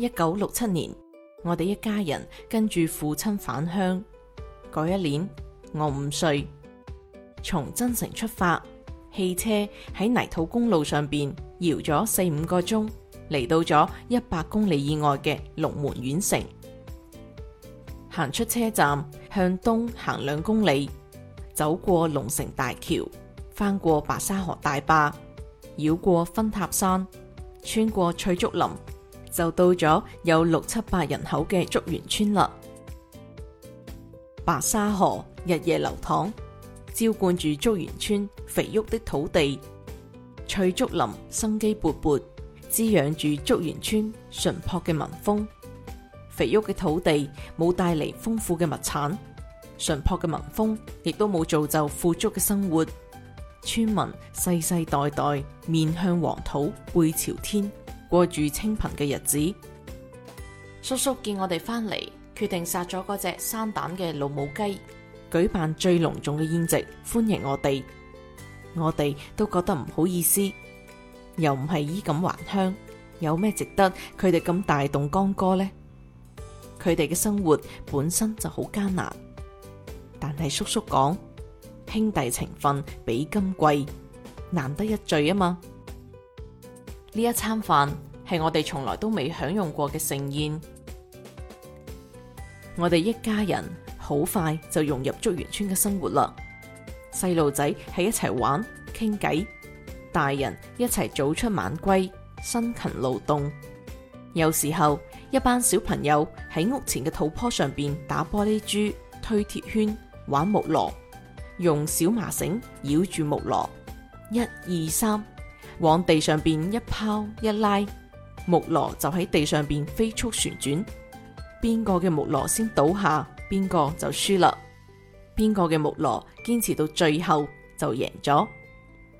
一九六七年，我哋一家人跟住父親返鄉。嗰一年我五歲，從增城出發，汽車喺泥土公路上邊搖咗四五個鐘，嚟到咗一百公里以外嘅龍門縣城。行出車站，向東行兩公里，走過龍城大橋，翻過白沙河大壩，繞過分塔山，穿過翠竹林。就到咗有六七百人口嘅竹園村啦。白沙河日夜流淌，澆灌住竹園村肥沃的土地；翠竹林生機勃勃，滋養住竹園村淳樸嘅民風。肥沃嘅土地冇帶嚟豐富嘅物產，淳樸嘅民風亦都冇造就富足嘅生活。村民世世代代面向黃土背朝天。過住清貧嘅日子，叔叔見我哋返嚟，決定殺咗嗰隻生蛋嘅老母雞，舉辦最隆重嘅宴席歡迎我哋。我哋都覺得唔好意思，又唔係衣錦還鄉，有咩值得佢哋咁大動干戈呢？佢哋嘅生活本身就好艱難，但係叔叔講，兄弟情分比金貴，難得一聚啊嘛。呢一餐飯係我哋從來都未享用過嘅盛宴。我哋一家人好快就融入竹園村嘅生活啦。細路仔喺一齊玩、傾偈，大人一齊早出晚歸，辛勤勞動。有時候一班小朋友喺屋前嘅土坡上邊打玻璃珠、推鐵圈、玩木羅，用小麻繩繞住木羅，一二三。往地上邊一拋一拉，木螺就喺地上邊飛速旋轉。邊個嘅木螺先倒下，邊個就輸啦。邊個嘅木螺堅持到最後就贏咗，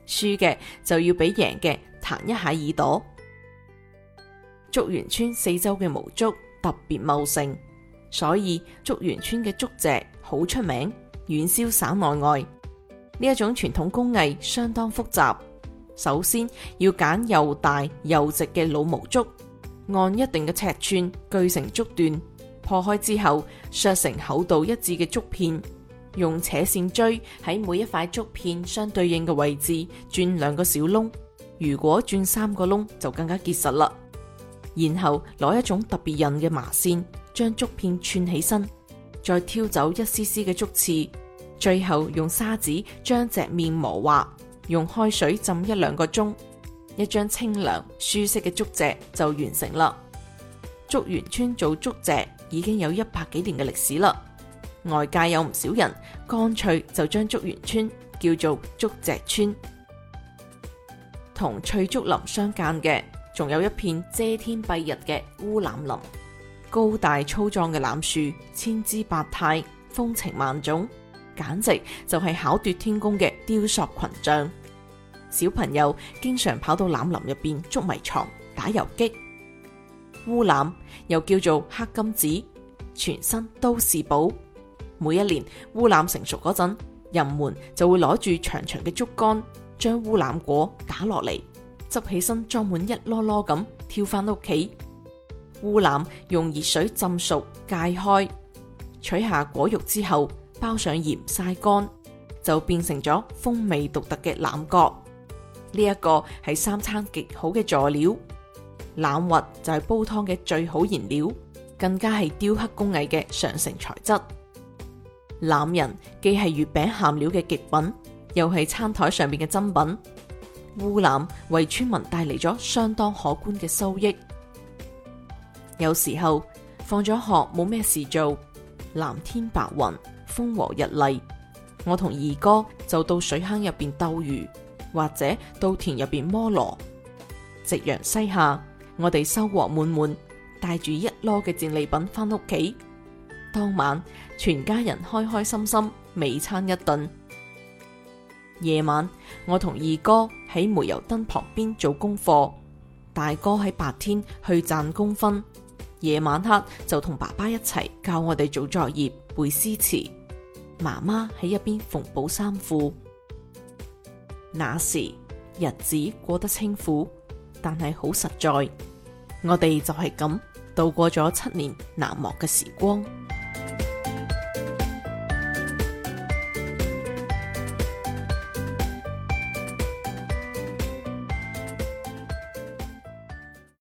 輸嘅就要俾贏嘅彈一下耳朵。竹園村四周嘅毛竹特別茂盛，所以竹園村嘅竹席好出名，遠銷省內外。呢一種傳統工藝相當複雜。首先要揀又大又直嘅老毛竹，按一定嘅尺寸鋸成竹段，破開之後削成厚度一致嘅竹片，用扯線錐喺每一塊竹片相對應嘅位置鑽兩個小窿，如果鑽三個窿就更加結實啦。然後攞一種特別韌嘅麻線，將竹片串起身，再挑走一絲絲嘅竹刺，最後用砂紙將隻面磨滑。用開水浸一兩個鐘，一張清涼舒適嘅竹席就完成啦。竹園村做竹席已經有一百幾年嘅歷史啦，外界有唔少人乾脆就將竹園村叫做竹席村。同翠竹林相間嘅，仲有一片遮天蔽日嘅烏欖林，高大粗壯嘅欖樹，千姿百態，風情萬種，簡直就係巧奪天工嘅雕塑群像。小朋友經常跑到欖林入面捉迷藏、打遊擊。烏欖又叫做黑金子，全身都是寶。每一年烏欖成熟嗰陣，人們就會攞住長長嘅竹竿，將烏欖果打落嚟，執起身裝滿一籮籮咁挑返屋企。烏欖用熱水浸熟、界開，取下果肉之後，包上鹽曬乾，就變成咗風味獨特嘅欖角。呢一個係三餐極好嘅佐料，欖核就係煲湯嘅最好燃料，更加係雕刻工藝嘅上乘材質。欖仁既係月餅餡料嘅極品，又係餐台上面嘅珍品。烏欖為村民帶嚟咗相當可觀嘅收益。有時候放咗學冇咩事做，藍天白雲，風和日麗，我同二哥就到水坑入邊兜魚。或者到田入邊摸螺，夕陽西下，我哋收穫滿滿，帶住一籮嘅戰利品返屋企。當晚，全家人開開心心，美餐一頓。夜晚，我同二哥喺煤油燈旁邊做功課，大哥喺白天去賺工分，夜晚黑就同爸爸一齊教我哋做作業、背詩詞，媽媽喺一邊縫補衫褲。那時日子過得清苦，但係好實在，我哋就係咁度過咗七年難忘嘅時光。